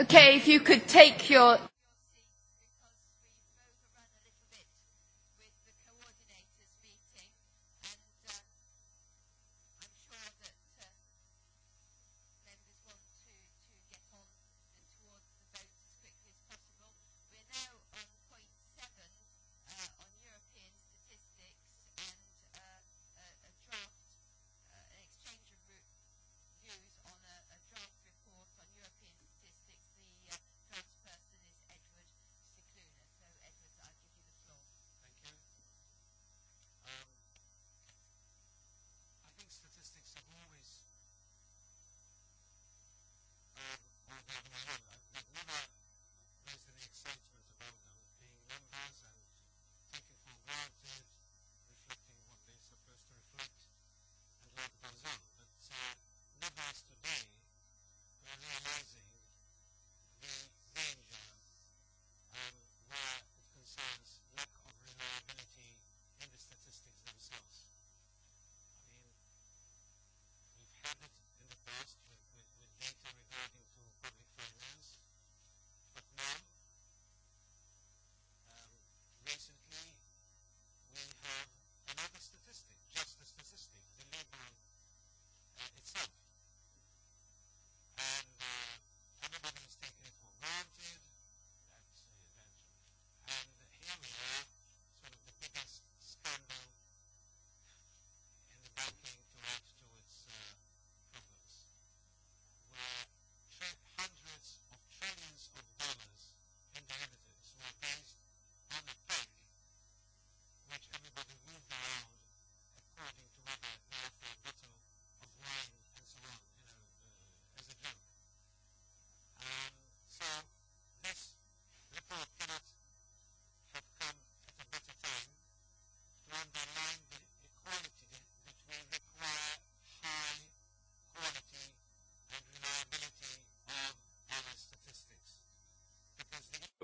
Okay, if you could take your...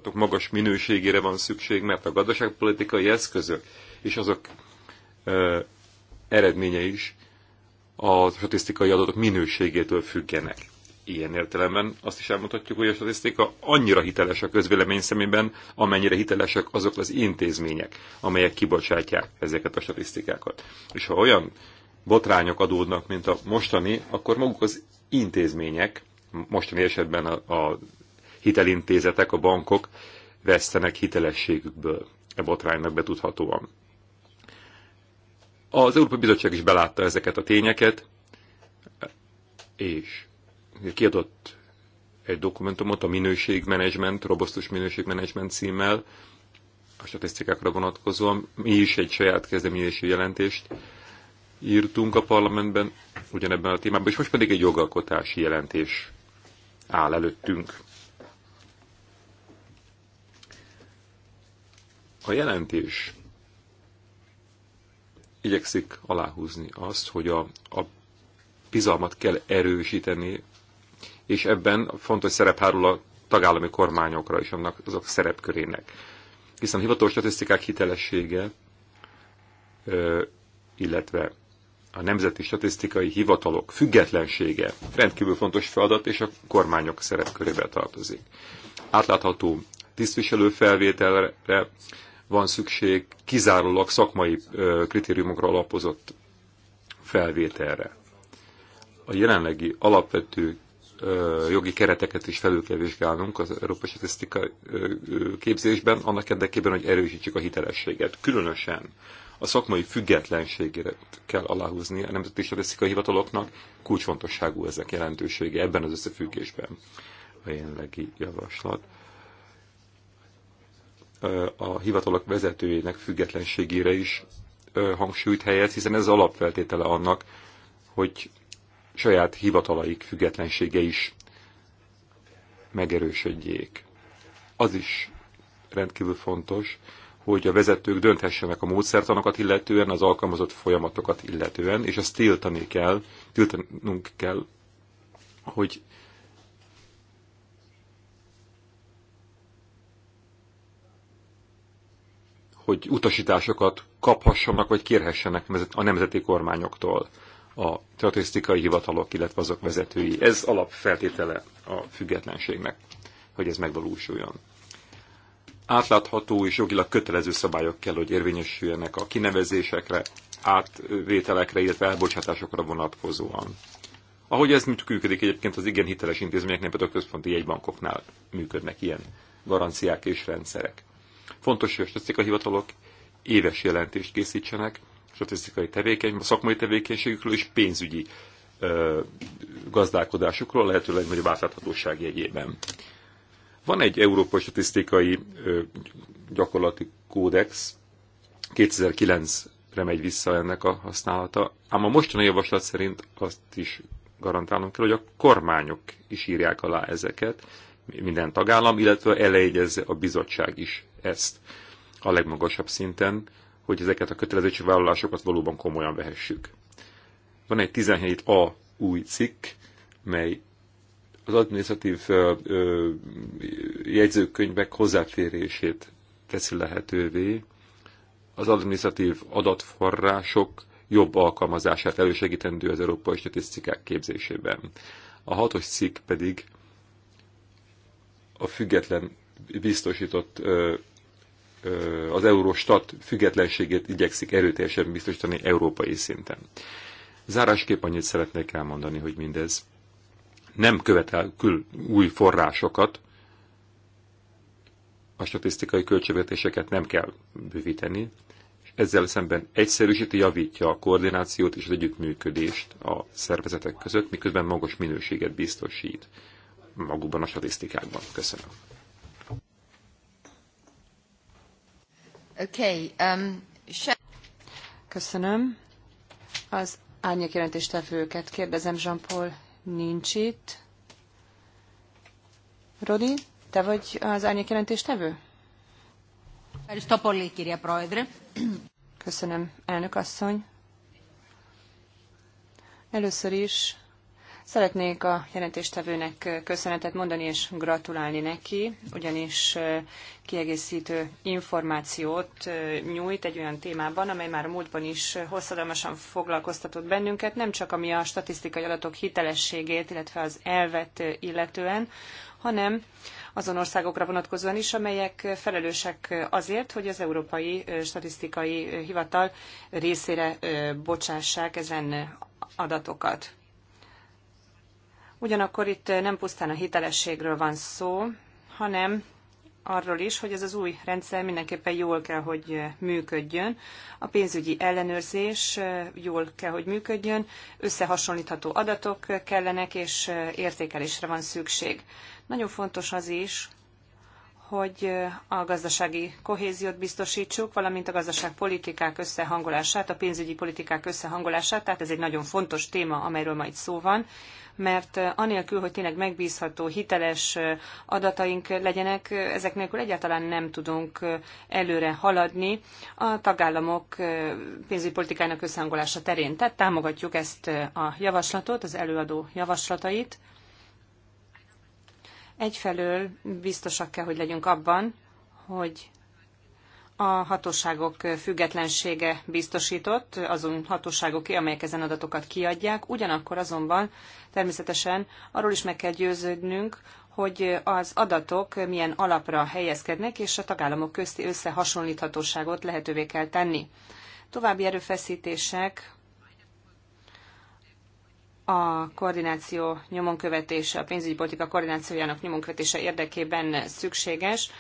kapcsolatok magas minőségére van szükség, mert a gazdaságpolitikai eszközök és azok ö, eredménye is a statisztikai adatok minőségétől függenek. Ilyen értelemben azt is elmondhatjuk, hogy a statisztika annyira hiteles a közvélemény szemében, amennyire hitelesek azok az intézmények, amelyek kibocsátják ezeket a statisztikákat. És ha olyan botrányok adódnak, mint a mostani, akkor maguk az intézmények, mostani esetben a, a hitelintézetek, a bankok vesztenek hitelességükből e botránynak betudhatóan. Az Európai Bizottság is belátta ezeket a tényeket, és kiadott egy dokumentumot a minőségmenedzsment, robosztus minőségmenedzsment címmel, a statisztikákra vonatkozóan. Mi is egy saját kezdeményezésű jelentést írtunk a parlamentben ugyanebben a témában, és most pedig egy jogalkotási jelentés áll előttünk. A jelentés igyekszik aláhúzni azt, hogy a, a bizalmat kell erősíteni, és ebben fontos szerep hárul a tagállami kormányokra és annak azok szerepkörének. Hiszen a hivatalos statisztikák hitelessége, illetve a nemzeti statisztikai hivatalok függetlensége rendkívül fontos feladat, és a kormányok szerepkörébe tartozik. Átlátható felvételre van szükség kizárólag szakmai kritériumokra alapozott felvételre. A jelenlegi alapvető jogi kereteket is felül kell vizsgálnunk az Európai Statisztika képzésben, annak érdekében, hogy erősítsük a hitelességet. Különösen a szakmai függetlenségére kell aláhúzni a Nemzeti Statisztikai Hivataloknak, kulcsfontosságú ezek jelentősége ebben az összefüggésben a jelenlegi javaslat a hivatalok vezetőjének függetlenségére is hangsúlyt helyez, hiszen ez alapfeltétele annak, hogy saját hivatalaik függetlensége is megerősödjék. Az is rendkívül fontos, hogy a vezetők dönthessenek a módszertanokat illetően, az alkalmazott folyamatokat illetően, és azt tiltani kell, tiltanunk kell, hogy hogy utasításokat kaphassanak, vagy kérhessenek a nemzeti kormányoktól a statisztikai hivatalok, illetve azok vezetői. Ez alapfeltétele a függetlenségnek, hogy ez megvalósuljon. Átlátható és jogilag kötelező szabályok kell, hogy érvényesüljenek a kinevezésekre, átvételekre, illetve elbocsátásokra vonatkozóan. Ahogy ez működik egyébként az igen hiteles intézményeknél, például a központi jegybankoknál működnek ilyen garanciák és rendszerek. Fontos, hogy a statisztikai hivatalok éves jelentést készítsenek statisztikai tevékeny, szakmai tevékenységükről és pénzügyi ö, gazdálkodásukról, lehetőleg nagyobb átláthatóság jegyében. Van egy Európai Statisztikai ö, Gyakorlati Kódex, 2009-re megy vissza ennek a használata, ám a mostani javaslat szerint azt is garantálnom kell, hogy a kormányok is írják alá ezeket, minden tagállam, illetve elejegyezze a bizottság is ezt a legmagasabb szinten, hogy ezeket a kötelezettségvállalásokat valóban komolyan vehessük. Van egy 17a új cikk, mely az adminisztratív ö, ö, jegyzőkönyvek hozzáférését teszi lehetővé, az adminisztratív adatforrások jobb alkalmazását elősegítendő az európai statisztikák képzésében. A hatos cikk pedig a független biztosított az Eurostat függetlenségét igyekszik erőteljesen biztosítani európai szinten. Zárásképp annyit szeretnék elmondani, hogy mindez nem követel kül új forrásokat, a statisztikai költségvetéseket nem kell bővíteni, és ezzel szemben egyszerűsíti, javítja a koordinációt és az együttműködést a szervezetek között, miközben magas minőséget biztosít magukban a statisztikákban. Köszönöm. Um, Köszönöm. Az árnyékjelentéstevőket kérdezem, Jean-Paul nincs itt. Rodi, te vagy az jelentéstevő? Köszönöm, elnök asszony. Először is Szeretnék a jelentéstevőnek köszönetet mondani és gratulálni neki, ugyanis kiegészítő információt nyújt egy olyan témában, amely már a múltban is hosszadalmasan foglalkoztatott bennünket, nem csak ami a statisztikai adatok hitelességét, illetve az elvet illetően, hanem azon országokra vonatkozóan is, amelyek felelősek azért, hogy az Európai Statisztikai Hivatal részére bocsássák ezen adatokat. Ugyanakkor itt nem pusztán a hitelességről van szó, hanem arról is, hogy ez az új rendszer mindenképpen jól kell, hogy működjön. A pénzügyi ellenőrzés jól kell, hogy működjön, összehasonlítható adatok kellenek, és értékelésre van szükség. Nagyon fontos az is, hogy a gazdasági kohéziót biztosítsuk, valamint a gazdaságpolitikák összehangolását, a pénzügyi politikák összehangolását, tehát ez egy nagyon fontos téma, amelyről ma itt szó van mert anélkül, hogy tényleg megbízható, hiteles adataink legyenek, ezek nélkül egyáltalán nem tudunk előre haladni a tagállamok pénzügypolitikának összehangolása terén. Tehát támogatjuk ezt a javaslatot, az előadó javaslatait. Egyfelől biztosak kell, hogy legyünk abban, hogy a hatóságok függetlensége biztosított azon hatóságoké, amelyek ezen adatokat kiadják, ugyanakkor azonban természetesen arról is meg kell győződnünk, hogy az adatok milyen alapra helyezkednek, és a tagállamok közti összehasonlíthatóságot lehetővé kell tenni. További erőfeszítések a koordináció nyomon követése, a pénzügyi politika koordinációjának nyomon követése érdekében szükséges.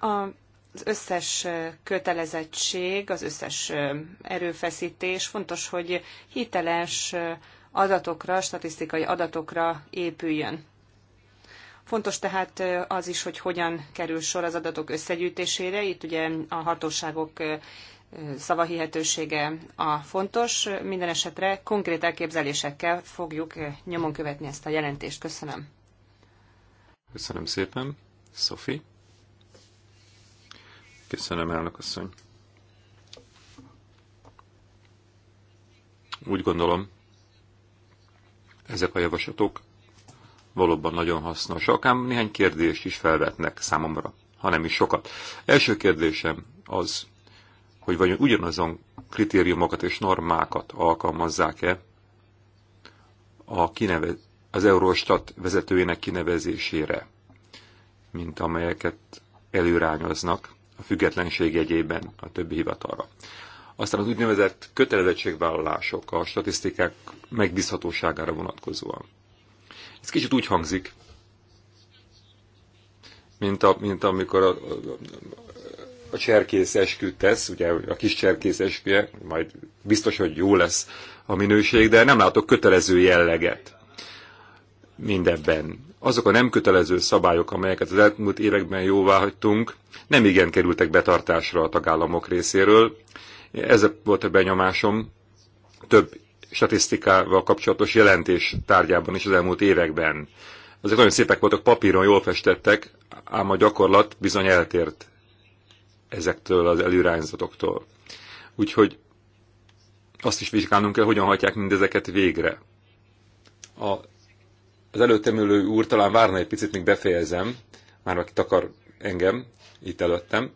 A az összes kötelezettség, az összes erőfeszítés fontos, hogy hiteles adatokra, statisztikai adatokra épüljön. Fontos tehát az is, hogy hogyan kerül sor az adatok összegyűjtésére. Itt ugye a hatóságok szavahihetősége a fontos. Minden esetre konkrét elképzelésekkel fogjuk nyomon követni ezt a jelentést. Köszönöm. Köszönöm szépen. Sophie. Köszönöm, elnök asszony. Úgy gondolom, ezek a javaslatok valóban nagyon hasznosak, Akár néhány kérdést is felvetnek számomra, hanem is sokat. Első kérdésem az, hogy vagy ugyanazon kritériumokat és normákat alkalmazzák-e a kinevez, az Eurostat vezetőjének kinevezésére, mint amelyeket előrányoznak a függetlenség jegyében a többi hivatalra. Aztán az úgynevezett kötelezettségvállalások a statisztikák megbízhatóságára vonatkozóan. Ez kicsit úgy hangzik, mint, a, mint amikor a, a, a cserkész esküt tesz, ugye a kis cserkész esküje, majd biztos, hogy jó lesz a minőség, de nem látok kötelező jelleget mindebben. Azok a nem kötelező szabályok, amelyeket az elmúlt években jóvá hagytunk, nem igen kerültek betartásra a tagállamok részéről. Ez volt a benyomásom több statisztikával kapcsolatos jelentés tárgyában is az elmúlt években. Azok nagyon szépek voltak, papíron jól festettek, ám a gyakorlat bizony eltért ezektől az előrányzatoktól. Úgyhogy azt is vizsgálnunk kell, hogyan hagyják mindezeket végre. A az előttem ülő úr talán várna egy picit, míg befejezem, már aki takar engem itt előttem.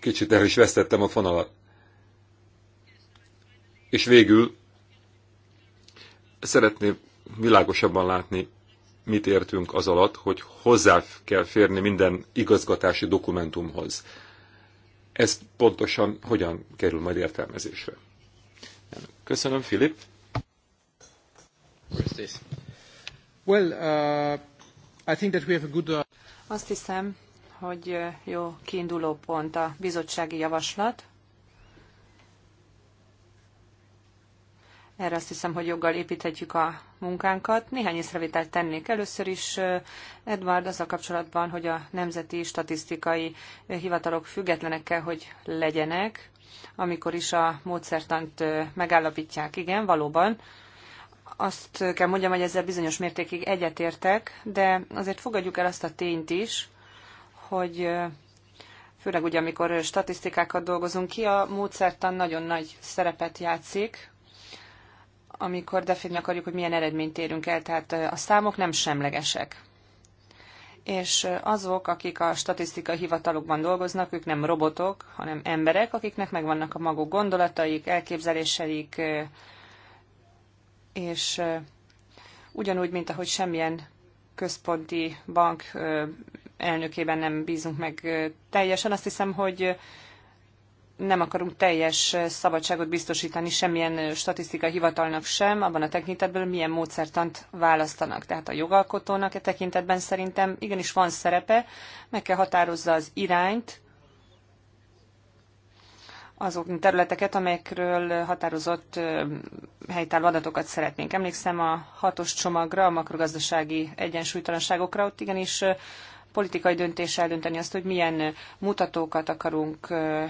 Kicsit el is vesztettem a fonalat. És végül szeretném világosabban látni, mit értünk az alatt, hogy hozzá kell férni minden igazgatási dokumentumhoz. Ez pontosan hogyan kerül majd értelmezésre? Köszönöm, Filip. Well, uh, I think that we have a good, uh... Azt hiszem, hogy uh, jó kiinduló pont a bizottsági javaslat. Erre azt hiszem, hogy joggal építhetjük a munkánkat. Néhány észrevételt tennék. Először is, uh, Edward, az a kapcsolatban, hogy a nemzeti statisztikai hivatalok függetlenek kell, hogy legyenek amikor is a módszertant megállapítják. Igen, valóban. Azt kell mondjam, hogy ezzel bizonyos mértékig egyetértek, de azért fogadjuk el azt a tényt is, hogy főleg ugye, amikor statisztikákat dolgozunk ki, a módszertan nagyon nagy szerepet játszik, amikor definiálni akarjuk, hogy milyen eredményt érünk el, tehát a számok nem semlegesek és azok, akik a statisztikai hivatalokban dolgoznak, ők nem robotok, hanem emberek, akiknek megvannak a maguk gondolataik, elképzeléseik, és ugyanúgy, mint ahogy semmilyen központi bank elnökében nem bízunk meg teljesen, azt hiszem, hogy nem akarunk teljes szabadságot biztosítani semmilyen statisztikai hivatalnak sem, abban a tekintetben, milyen módszertant választanak. Tehát a jogalkotónak e tekintetben szerintem igenis van szerepe, meg kell határozza az irányt, azok területeket, amelyekről határozott helytálló adatokat szeretnénk. Emlékszem a hatos csomagra, a makrogazdasági egyensúlytalanságokra, ott igenis politikai döntéssel dönteni azt, hogy milyen mutatókat akarunk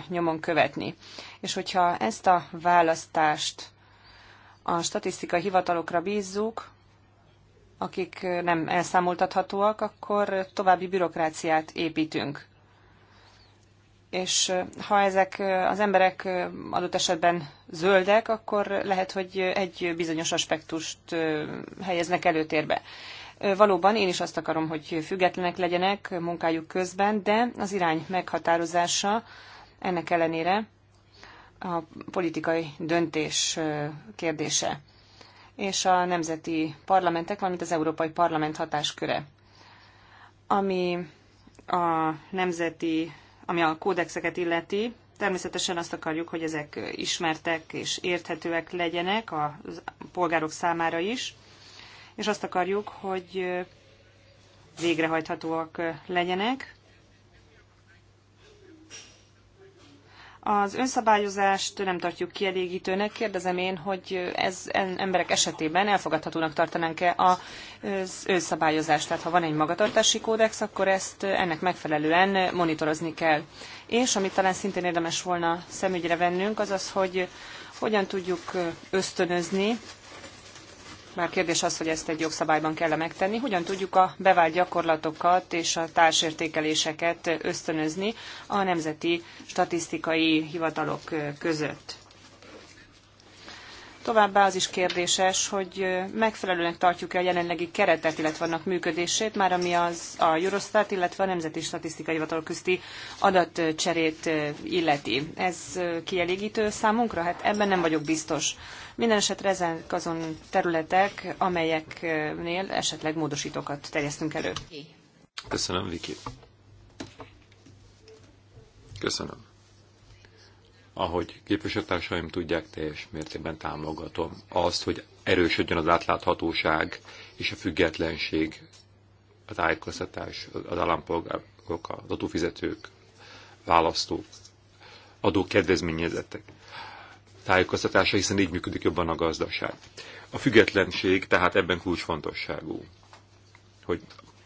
nyomon követni. És hogyha ezt a választást a statisztikai hivatalokra bízzuk, akik nem elszámoltathatóak, akkor további bürokráciát építünk. És ha ezek az emberek adott esetben zöldek, akkor lehet, hogy egy bizonyos aspektust helyeznek előtérbe. Valóban én is azt akarom, hogy függetlenek legyenek munkájuk közben, de az irány meghatározása ennek ellenére a politikai döntés kérdése és a nemzeti parlamentek, valamint az Európai Parlament hatásköre. Ami a nemzeti, ami a kódexeket illeti, természetesen azt akarjuk, hogy ezek ismertek és érthetőek legyenek a polgárok számára is és azt akarjuk, hogy végrehajthatóak legyenek. Az önszabályozást nem tartjuk kielégítőnek. Kérdezem én, hogy ez emberek esetében elfogadhatónak tartanánk-e az önszabályozást? Tehát ha van egy magatartási kódex, akkor ezt ennek megfelelően monitorozni kell. És amit talán szintén érdemes volna szemügyre vennünk, az az, hogy hogyan tudjuk ösztönözni már kérdés az, hogy ezt egy jogszabályban kell -e megtenni. Hogyan tudjuk a bevált gyakorlatokat és a társértékeléseket ösztönözni a nemzeti statisztikai hivatalok között? Továbbá az is kérdéses, hogy megfelelően tartjuk-e a jelenlegi keretet, illetve annak működését, már ami az a Eurostat, illetve a Nemzeti Statisztikai Hivatal közti adatcserét illeti. Ez kielégítő számunkra? Hát ebben nem vagyok biztos. Minden esetre ezek azon területek, amelyeknél esetleg módosítókat terjesztünk elő. Köszönöm, Viki. Köszönöm ahogy képviselőtársaim tudják, teljes mértékben támogatom azt, hogy erősödjön az átláthatóság és a függetlenség, a tájékoztatás az állampolgárok, az adófizetők, választók, adókedvezményezettek tájékoztatása, hiszen így működik jobban a gazdaság. A függetlenség tehát ebben kulcsfontosságú, hogy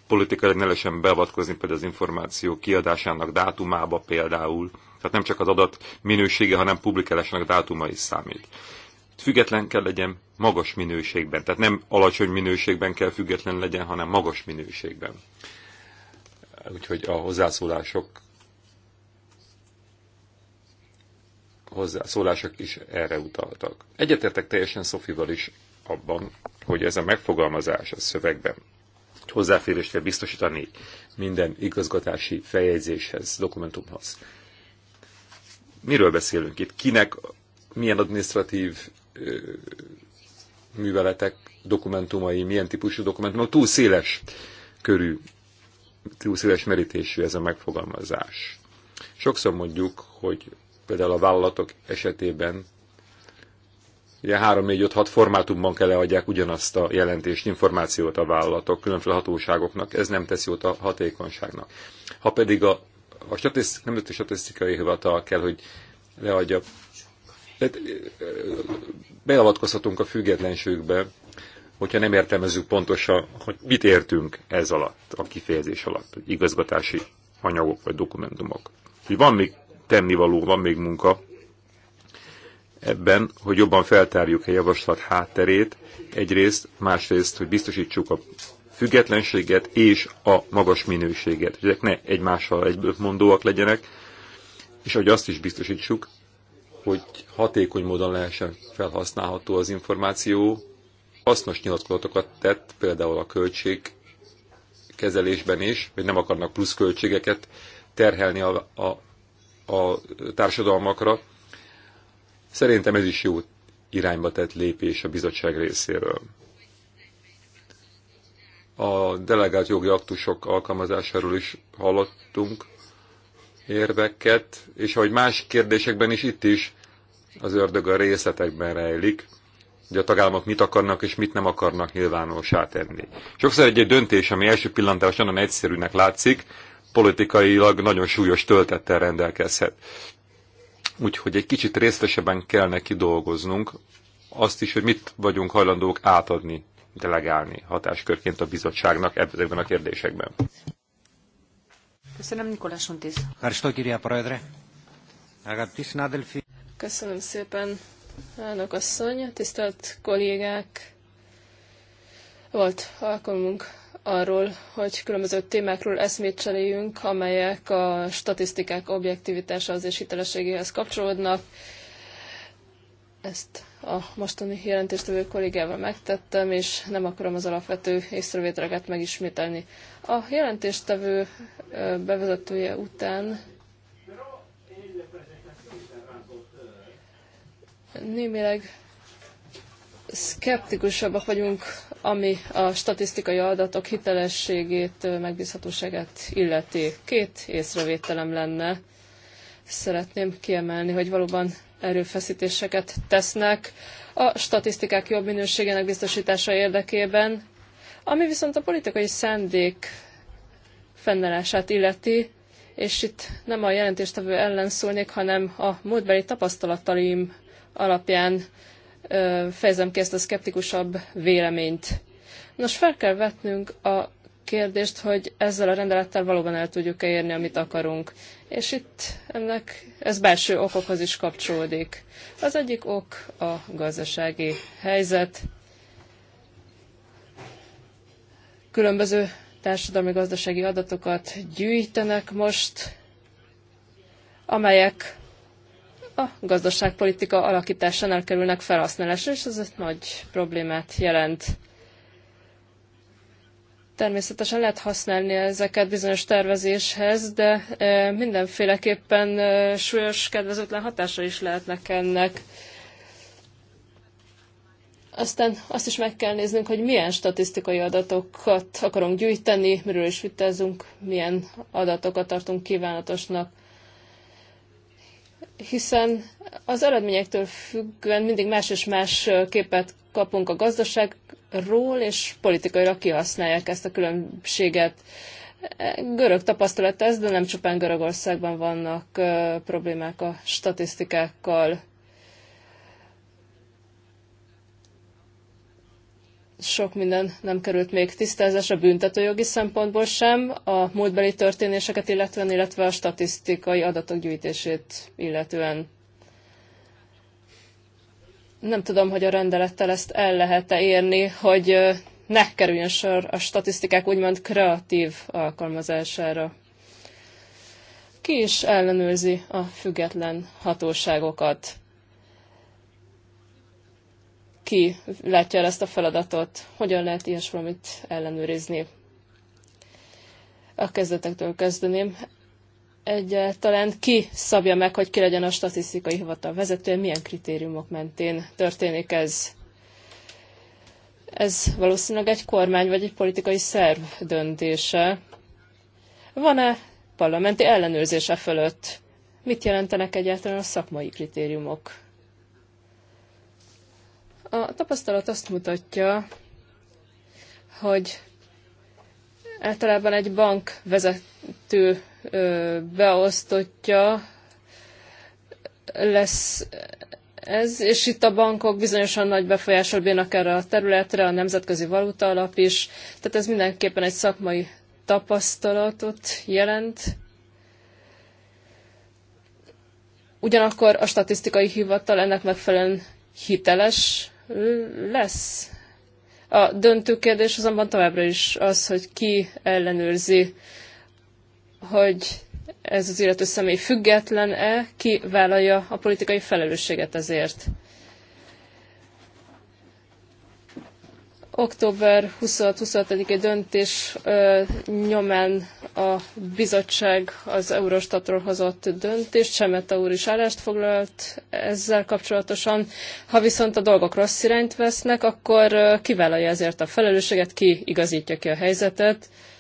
politikai ne lehessen beavatkozni például az információ kiadásának dátumába például, tehát nem csak az adat minősége, hanem publikálásának dátuma is számít. Független kell legyen magas minőségben, tehát nem alacsony minőségben kell független legyen, hanem magas minőségben. Úgyhogy a hozzászólások hozzászólások is erre utaltak. Egyetértek teljesen Szofival is abban, hogy ez a megfogalmazás a szövegben hozzáférést kell biztosítani minden igazgatási feljegyzéshez, dokumentumhoz miről beszélünk itt? Kinek, milyen adminisztratív műveletek, dokumentumai, milyen típusú dokumentumok? Túl széles körű, túl széles merítésű ez a megfogalmazás. Sokszor mondjuk, hogy például a vállalatok esetében ugye 3, 4, 5, 6 formátumban kell leadják ugyanazt a jelentést, információt a vállalatok, különféle hatóságoknak, ez nem tesz jót a hatékonyságnak. Ha pedig a a statisztik, nemzeti statisztikai hivatal kell, hogy leadja. Tehát beavatkozhatunk a függetlenségbe, hogyha nem értelmezzük pontosan, hogy mit értünk ez alatt, a kifejezés alatt, igazgatási anyagok vagy dokumentumok. Hogy van még tennivaló, van még munka ebben, hogy jobban feltárjuk a javaslat hátterét, egyrészt, másrészt, hogy biztosítsuk a függetlenséget és a magas minőséget. Ezek ne egymással egyből mondóak legyenek, és hogy azt is biztosítsuk, hogy hatékony módon lehessen felhasználható az információ. Hasznos nyilatkozatokat tett, például a költség kezelésben is, hogy nem akarnak plusz költségeket terhelni a, a, a társadalmakra. Szerintem ez is jó irányba tett lépés a bizottság részéről. A delegált jogi aktusok alkalmazásáról is hallottunk érveket, és ahogy más kérdésekben is itt is az ördög a részletekben rejlik, hogy a tagállamok mit akarnak és mit nem akarnak nyilvánossá tenni. Sokszor egy, egy döntés, ami első pillantásra nagyon egyszerűnek látszik, politikailag nagyon súlyos töltettel rendelkezhet. Úgyhogy egy kicsit részletesebben kell neki dolgoznunk, azt is, hogy mit vagyunk hajlandók átadni delegálni hatáskörként a bizottságnak ezekben a kérdésekben. Köszönöm, Nikolás Untis. Köszönöm szépen, elnök asszony, tisztelt kollégák. Volt alkalmunk arról, hogy különböző témákról eszmét cseréljünk, amelyek a statisztikák objektivitásához és hitelességéhez kapcsolódnak. Ezt a mostani jelentéstevő kollégával megtettem, és nem akarom az alapvető észrevételeket megismételni. A jelentéstevő bevezetője után némileg szkeptikusabbak vagyunk, ami a statisztikai adatok hitelességét, megbízhatóságát illeti. Két észrevételem lenne. Szeretném kiemelni, hogy valóban erőfeszítéseket tesznek a statisztikák jobb minőségének biztosítása érdekében, ami viszont a politikai szándék fennállását illeti, és itt nem a jelentéstevő ellen szólnék, hanem a múltbeli tapasztalataim alapján ö, fejezem ki ezt a szkeptikusabb véleményt. Nos, fel kell vetnünk a kérdést, hogy ezzel a rendelettel valóban el tudjuk-e érni, amit akarunk és itt ennek ez belső okokhoz is kapcsolódik. Az egyik ok a gazdasági helyzet. Különböző társadalmi-gazdasági adatokat gyűjtenek most, amelyek a gazdaságpolitika alakításánál kerülnek felhasználásra, és ez egy nagy problémát jelent. Természetesen lehet használni ezeket bizonyos tervezéshez, de e, mindenféleképpen e, súlyos, kedvezőtlen hatása is lehetnek ennek. Aztán azt is meg kell néznünk, hogy milyen statisztikai adatokat akarunk gyűjteni, miről is vitázunk, milyen adatokat tartunk kívánatosnak. Hiszen az eredményektől függően mindig más és más képet kapunk a gazdaság ról, és politikailag kihasználják ezt a különbséget. Görög tapasztalat ez, de nem csupán Görögországban vannak problémák a statisztikákkal. Sok minden nem került még tisztázásra büntetőjogi szempontból sem, a múltbeli történéseket illetően, illetve a statisztikai adatok gyűjtését illetően. Nem tudom, hogy a rendelettel ezt el lehet-e érni, hogy ne kerüljön sor a statisztikák úgymond kreatív alkalmazására. Ki is ellenőrzi a független hatóságokat? Ki látja el ezt a feladatot? Hogyan lehet ilyesmit ellenőrizni? A kezdetektől kezdeném egyáltalán ki szabja meg, hogy ki legyen a statisztikai hivatal vezetője, milyen kritériumok mentén történik ez? Ez valószínűleg egy kormány vagy egy politikai szerv döntése. Van-e parlamenti ellenőrzése fölött? Mit jelentenek egyáltalán a szakmai kritériumok? A tapasztalat azt mutatja, hogy általában egy bank vezető beosztottja lesz ez, és itt a bankok bizonyosan nagy befolyással bírnak erre a területre, a nemzetközi valuta alap is, tehát ez mindenképpen egy szakmai tapasztalatot jelent. Ugyanakkor a statisztikai hivatal ennek megfelelően hiteles lesz. A döntő kérdés azonban továbbra is az, hogy ki ellenőrzi hogy ez az illető személy független-e, ki vállalja a politikai felelősséget ezért. Október 26-27-i döntés ö, nyomán a bizottság az Eurostatról hozott döntést, Semeta úr is állást foglalt ezzel kapcsolatosan. Ha viszont a dolgok rossz irányt vesznek, akkor ö, kivállalja ezért a felelősséget, ki igazítja ki a helyzetet. Ö,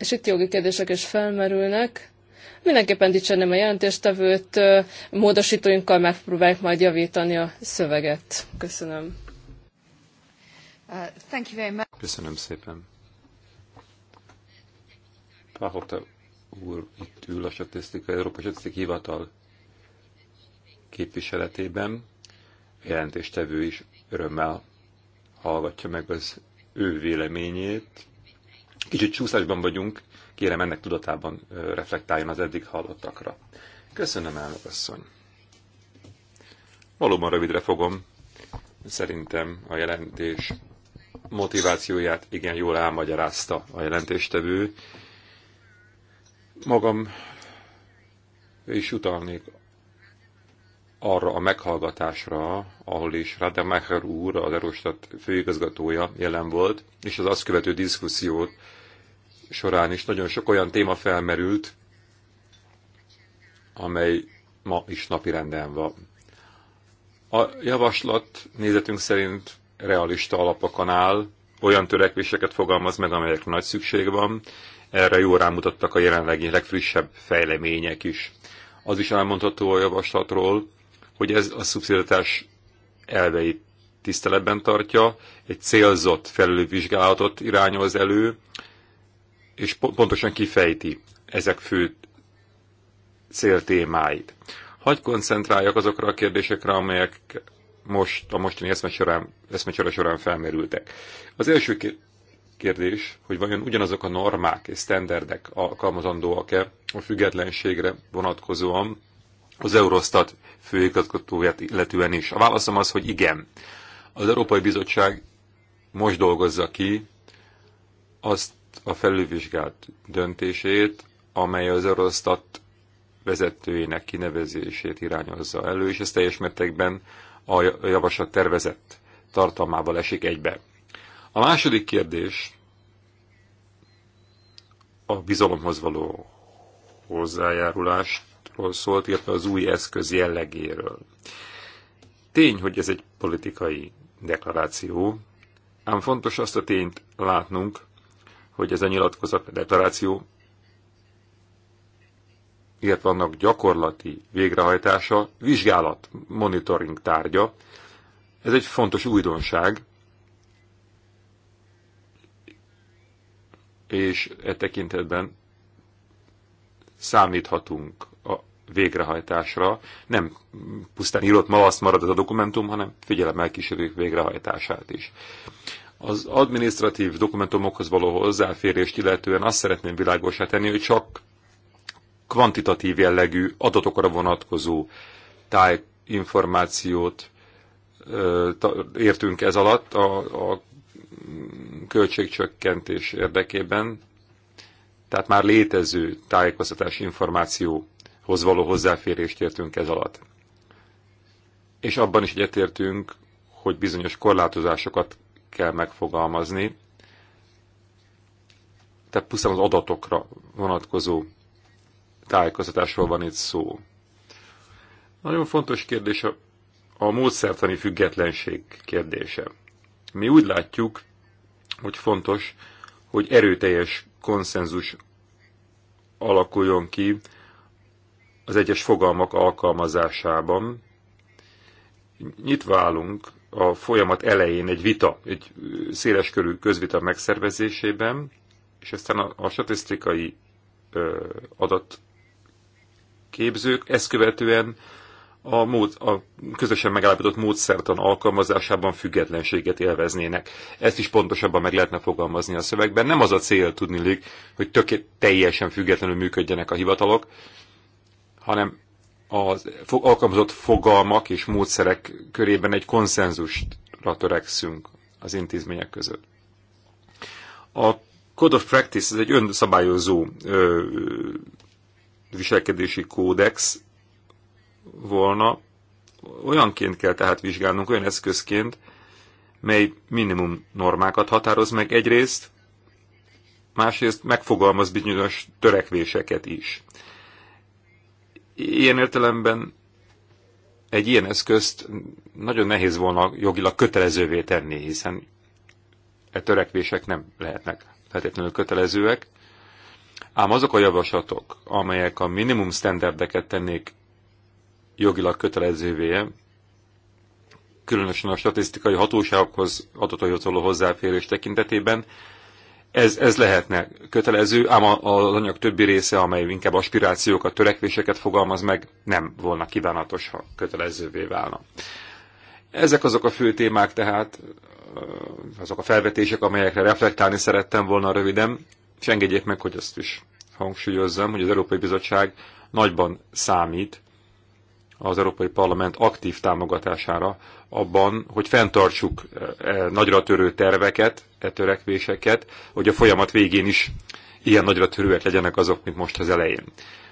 és itt jogi kérdések is felmerülnek. Mindenképpen dicsérném a jelentéstevőt, módosítóinkkal megpróbáljuk majd javítani a szöveget. Köszönöm. Uh, Köszönöm szépen. Pahota úr itt ül a statisztika, Európa Statisztikai Hivatal képviseletében. A jelentéstevő is örömmel hallgatja meg az ő véleményét, Kicsit csúszásban vagyunk, kérem ennek tudatában reflektáljon az eddig hallottakra. Köszönöm, elnök asszony. Valóban rövidre fogom. Szerintem a jelentés motivációját igen jól elmagyarázta a jelentéstevő. Magam és utalnék arra a meghallgatásra, ahol is Rademacher úr, az Erostat főigazgatója jelen volt, és az azt követő diszkusziót során is nagyon sok olyan téma felmerült, amely ma is napirenden van. A javaslat nézetünk szerint realista alapokon áll, olyan törekvéseket fogalmaz meg, amelyek nagy szükség van, erre jól rámutattak a jelenlegi legfrissebb fejlemények is. Az is elmondható a javaslatról, hogy ez a szubszidatás elveit tiszteletben tartja, egy célzott felülvizsgálatot irányoz elő, és pontosan kifejti ezek fő céltémáit. Hagy koncentráljak azokra a kérdésekre, amelyek most a mostani eszmecsere során, során felmerültek. Az első kérdés, hogy vajon ugyanazok a normák és sztenderdek alkalmazandóak-e a függetlenségre vonatkozóan, az Eurostat főigazgatóját illetően is. A válaszom az, hogy igen. Az Európai Bizottság most dolgozza ki azt a felülvizsgált döntését, amely az Eurostat vezetőjének kinevezését irányozza elő, és ez teljes mértékben a javaslat tervezett tartalmával esik egybe. A második kérdés a bizalomhoz való hozzájárulás eszközről szólt, illetve az új eszköz jellegéről. Tény, hogy ez egy politikai deklaráció, ám fontos azt a tényt látnunk, hogy ez a nyilatkozat deklaráció, illetve annak gyakorlati végrehajtása, vizsgálat, monitoring tárgya. Ez egy fontos újdonság, és e tekintetben számíthatunk végrehajtásra. Nem pusztán írott malaszt marad ez a dokumentum, hanem figyelemmel kísérjük végrehajtását is. Az administratív dokumentumokhoz való hozzáférést illetően azt szeretném világosá tenni, hogy csak kvantitatív jellegű adatokra vonatkozó tájinformációt értünk ez alatt a, a költségcsökkentés érdekében, tehát már létező tájékoztatási információ hoz való hozzáférést értünk ez alatt. És abban is egyetértünk, hogy bizonyos korlátozásokat kell megfogalmazni, tehát pusztán az adatokra vonatkozó tájékoztatásról van itt szó. Nagyon fontos kérdés a, a módszertani függetlenség kérdése. Mi úgy látjuk, hogy fontos, hogy erőteljes konszenzus alakuljon ki az egyes fogalmak alkalmazásában. Nyitva állunk a folyamat elején egy vita, egy széleskörű közvita megszervezésében, és aztán a, a statisztikai ö, adatképzők ezt követően a, mód, a közösen megállapított módszertan alkalmazásában függetlenséget élveznének. Ezt is pontosabban meg lehetne fogalmazni a szövegben. Nem az a cél tudni, hogy tökéletesen teljesen függetlenül működjenek a hivatalok, hanem az alkalmazott fogalmak és módszerek körében egy konszenzusra törekszünk az intézmények között. A Code of Practice, ez egy önszabályozó ö, viselkedési kódex volna, olyanként kell tehát vizsgálnunk, olyan eszközként, mely minimum normákat határoz meg egyrészt, másrészt megfogalmaz bizonyos törekvéseket is ilyen értelemben egy ilyen eszközt nagyon nehéz volna jogilag kötelezővé tenni, hiszen e törekvések nem lehetnek feltétlenül kötelezőek. Ám azok a javaslatok, amelyek a minimum standardeket tennék jogilag kötelezővé, különösen a statisztikai hatóságokhoz adott való hozzáférés tekintetében, ez, ez lehetne kötelező, ám az anyag többi része, amely inkább aspirációkat, törekvéseket fogalmaz meg, nem volna kívánatos, ha kötelezővé válna. Ezek azok a fő témák tehát, azok a felvetések, amelyekre reflektálni szerettem volna röviden, és engedjék meg, hogy azt is hangsúlyozzam, hogy az Európai Bizottság nagyban számít az Európai Parlament aktív támogatására abban, hogy fenntartsuk eh, eh, nagyra törő terveket, e törekvéseket, hogy a folyamat végén is ilyen nagyra törőek legyenek azok, mint most az elején.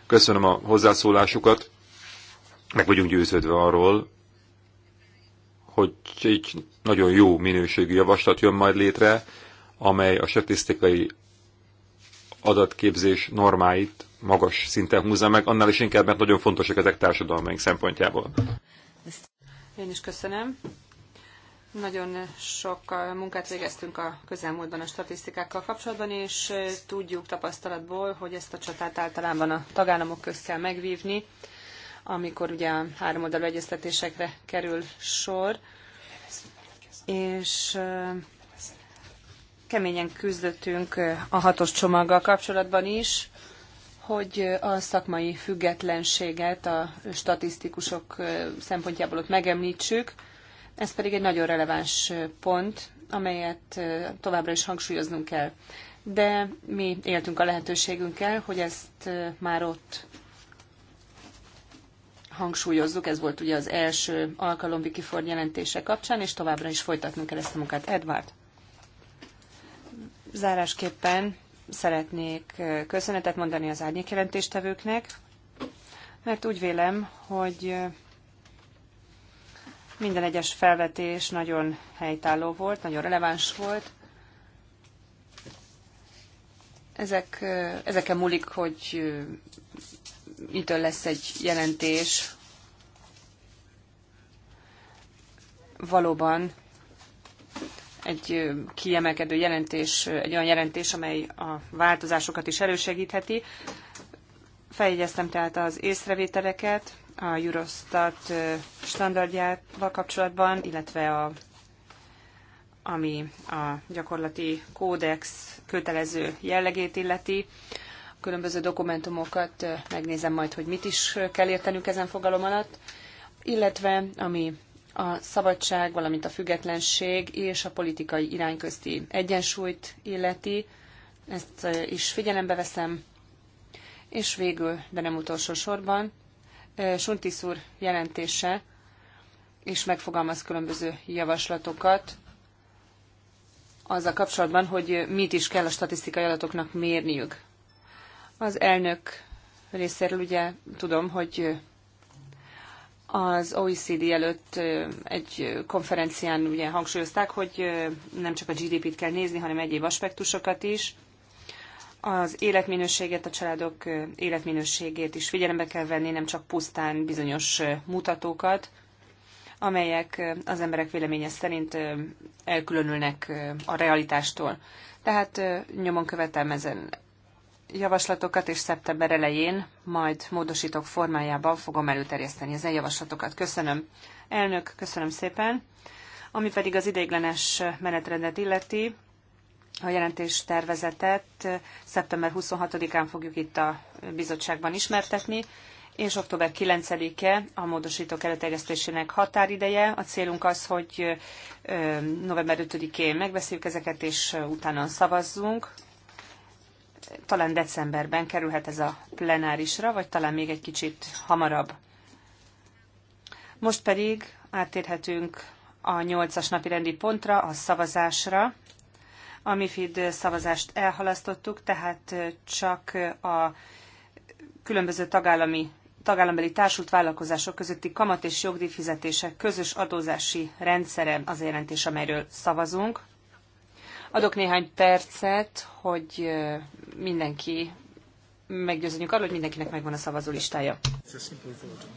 Köszönöm a hozzászólásukat, meg vagyunk győződve arról, hogy egy nagyon jó minőségű javaslat jön majd létre, amely a statisztikai adatképzés normáit magas szinten húzza meg, annál is inkább, mert nagyon fontosak ezek társadalmaink szempontjából. Én is köszönöm. Nagyon sok munkát végeztünk a közelmúltban a statisztikákkal kapcsolatban, és tudjuk tapasztalatból, hogy ezt a csatát általában a tagállamok közt kell megvívni, amikor ugye a oldalú egyeztetésekre kerül sor. És keményen küzdöttünk a hatos csomaggal kapcsolatban is, hogy a szakmai függetlenséget a statisztikusok szempontjából ott megemlítsük. Ez pedig egy nagyon releváns pont, amelyet továbbra is hangsúlyoznunk kell. De mi éltünk a lehetőségünkkel, hogy ezt már ott hangsúlyozzuk. Ez volt ugye az első alkalom Vicky jelentése kapcsán, és továbbra is folytatnunk kell ezt a munkát. Edward. Zárásképpen szeretnék köszönetet mondani az árnyékjelentéstevőknek, mert úgy vélem, hogy minden egyes felvetés nagyon helytálló volt, nagyon releváns volt. Ezek, ezeken múlik, hogy mitől lesz egy jelentés valóban egy kiemelkedő jelentés, egy olyan jelentés, amely a változásokat is elősegítheti. Feljegyeztem tehát az észrevételeket a Eurostat standardjával kapcsolatban, illetve a, ami a gyakorlati kódex kötelező jellegét illeti. A különböző dokumentumokat megnézem majd, hogy mit is kell értenünk ezen fogalom alatt, illetve ami a szabadság, valamint a függetlenség és a politikai irány közti egyensúlyt illeti. Ezt is figyelembe veszem. És végül, de nem utolsó sorban, Suntis úr jelentése és megfogalmaz különböző javaslatokat azzal kapcsolatban, hogy mit is kell a statisztikai adatoknak mérniük. Az elnök részéről ugye tudom, hogy az OECD előtt egy konferencián ugye hangsúlyozták, hogy nem csak a GDP-t kell nézni, hanem egyéb aspektusokat is. Az életminőséget, a családok életminőségét is figyelembe kell venni, nem csak pusztán bizonyos mutatókat, amelyek az emberek véleménye szerint elkülönülnek a realitástól. Tehát nyomon követem ezen javaslatokat, és szeptember elején majd módosítók formájában fogom előterjeszteni az javaslatokat. Köszönöm. Elnök, köszönöm szépen. Ami pedig az ideiglenes menetrendet illeti, a jelentés tervezetet szeptember 26-án fogjuk itt a bizottságban ismertetni, és október 9-e a módosítók előterjesztésének határideje. A célunk az, hogy november 5-én megbeszéljük ezeket, és utána szavazzunk talán decemberben kerülhet ez a plenárisra, vagy talán még egy kicsit hamarabb. Most pedig átérhetünk a nyolcas napi rendi pontra, a szavazásra. A MIFID szavazást elhalasztottuk, tehát csak a különböző tagállami tagállambeli társult vállalkozások közötti kamat és jogdíjfizetések közös adózási rendszere az jelentés, amelyről szavazunk. Adok néhány percet, hogy mindenki meggyőződjünk arról, hogy mindenkinek megvan a szavazó listája.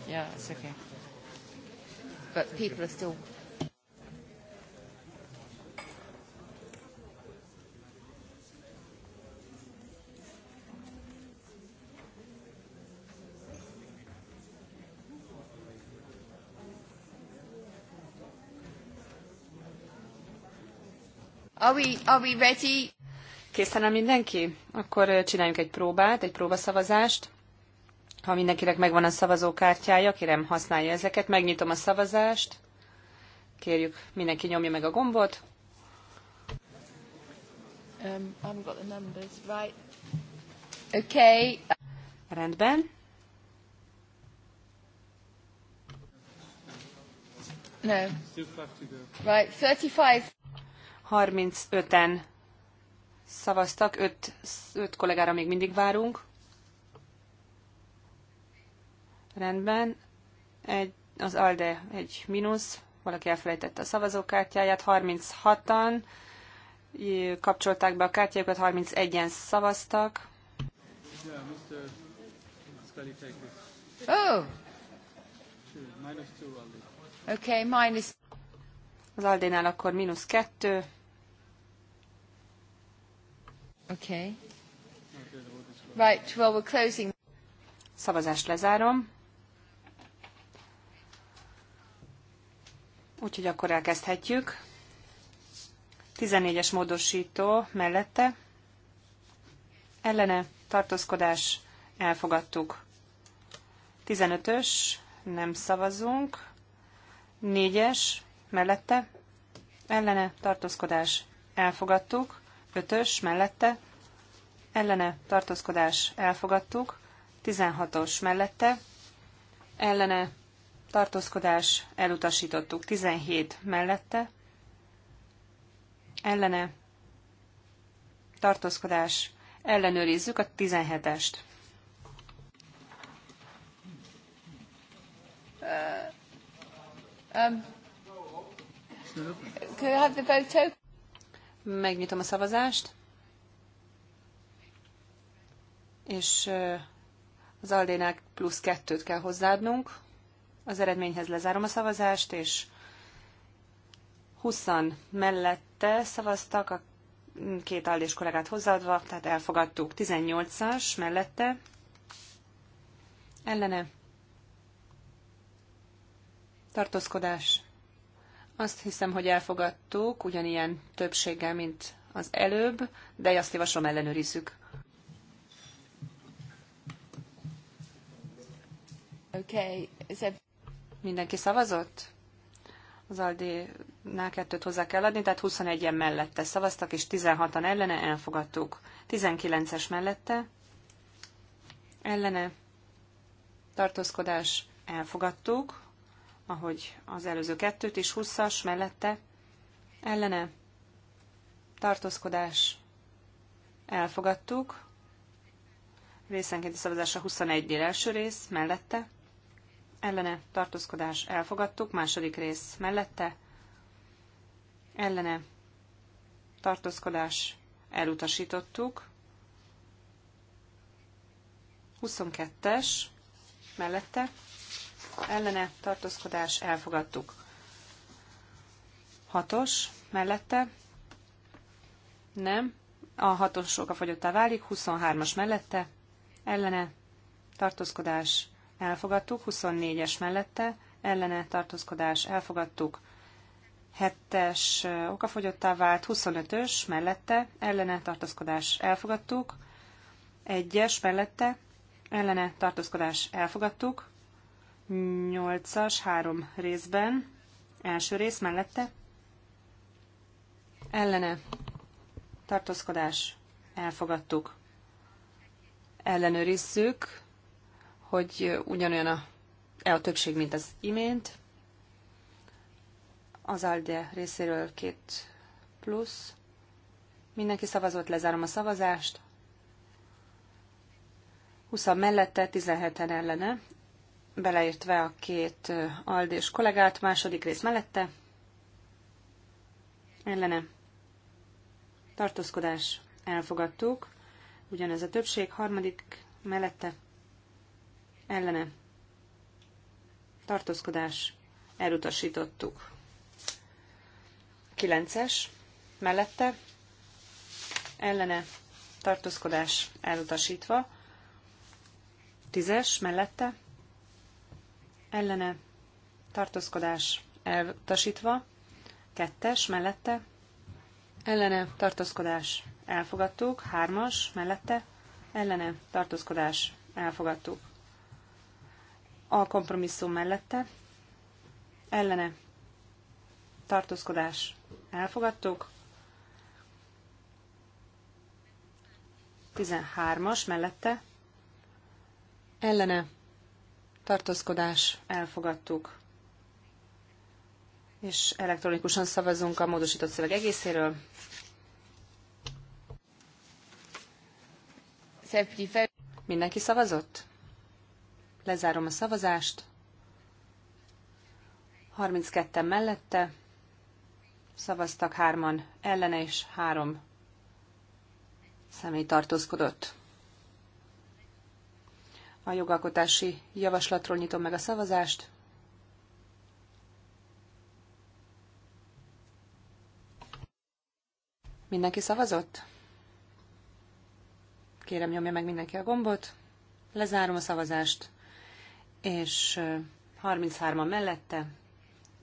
Yeah, it's okay. But people are still Are we, are we ready? Készen el mindenki? Akkor csináljunk egy próbát, egy próbaszavazást. Ha mindenkinek megvan a szavazókártyája, kérem használja ezeket. Megnyitom a szavazást. Kérjük, mindenki nyomja meg a gombot. Um, I haven't got the numbers right. Okay. Rendben. No. Right, 35. 35-en szavaztak, 5, 5 kollégára még mindig várunk. Rendben. Egy, az ALDE egy mínusz, valaki elfelejtette a szavazókártyáját, 36-an kapcsolták be a kártyájukat, 31-en szavaztak. Oh. Okay, minus. Az Aldénál akkor mínusz kettő. Okay. Right, well, we're closing. Szavazást lezárom. Úgyhogy akkor elkezdhetjük. 14-es módosító mellette. Ellene tartózkodás elfogadtuk. 15-ös nem szavazunk. 4-es mellette. Ellene tartózkodás elfogadtuk. 5-ös mellette, ellene tartózkodás elfogadtuk, 16-os mellette, ellene tartózkodás elutasítottuk, 17 mellette, ellene tartózkodás ellenőrizzük a 17-est. Uh, um, could I have the vote open? Megnyitom a szavazást. És az aldénák plusz kettőt kell hozzáadnunk. Az eredményhez lezárom a szavazást, és 20 mellette szavaztak, a két aldés kollégát hozzáadva, tehát elfogadtuk 18-as mellette. Ellene. Tartózkodás. Azt hiszem, hogy elfogadtuk ugyanilyen többséggel, mint az előbb, de azt javaslom ellenőrizzük. Okay. That... Mindenki szavazott? Az Aldi-nál kettőt hozzá kell adni, tehát 21-en mellette szavaztak, és 16-an ellene elfogadtuk. 19-es mellette ellene tartózkodás elfogadtuk ahogy az előző kettőt, is 20-as mellette ellene tartózkodás elfogadtuk. a szavazása 21 első rész mellette ellene tartózkodás elfogadtuk, második rész mellette ellene tartózkodás elutasítottuk. 22-es mellette ellene tartózkodás elfogadtuk. Hatos mellette nem, a hatos fogyottá válik, 23-as mellette ellene tartózkodás elfogadtuk, 24-es mellette ellene tartózkodás elfogadtuk, 7-es okafogyottá vált, 25-ös mellette ellene tartózkodás elfogadtuk, 1-es mellette ellene tartózkodás elfogadtuk, 8-as három részben. Első rész mellette. Ellene. Tartózkodás. Elfogadtuk. Ellenőrizzük, hogy ugyanolyan a, e a többség, mint az imént. Az ALDE részéről két plusz. Mindenki szavazott, lezárom a szavazást. 20 mellette, 17-en ellene beleértve a két aldés kollégát, második rész mellette, ellene, tartózkodás, elfogadtuk, ugyanez a többség, harmadik mellette, ellene, tartózkodás, elutasítottuk. Kilences, mellette, ellene, tartózkodás, elutasítva, tízes, mellette, ellene tartózkodás elutasítva, kettes mellette, ellene tartózkodás elfogadtuk, hármas mellette, ellene tartózkodás elfogadtuk. A kompromisszum mellette, ellene tartózkodás elfogadtuk, 13-as mellette, ellene tartózkodás, elfogadtuk. És elektronikusan szavazunk a módosított szöveg egészéről. Mindenki szavazott? Lezárom a szavazást. 32-en mellette, szavaztak hárman ellene, és három személy tartózkodott. A jogalkotási javaslatról nyitom meg a szavazást. Mindenki szavazott? Kérem, nyomja meg mindenki a gombot. Lezárom a szavazást, és 33-a mellette,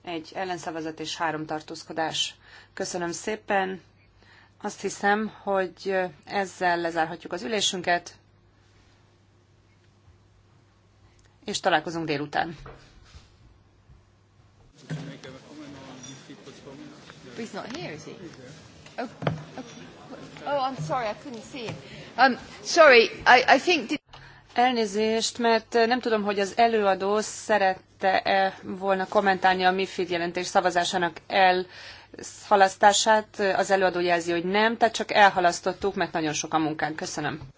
egy ellenszavazat és három tartózkodás. Köszönöm szépen. Azt hiszem, hogy ezzel lezárhatjuk az ülésünket. és találkozunk délután. He's not here, is he? Oh, okay. oh I'm sorry, I couldn't see him. Um, sorry, I, I think... Elnézést, mert nem tudom, hogy az előadó szerette-e volna kommentálni a MIFID jelentés szavazásának elhalasztását. Az előadó jelzi, hogy nem, tehát csak elhalasztottuk, mert nagyon sok a munkánk. Köszönöm.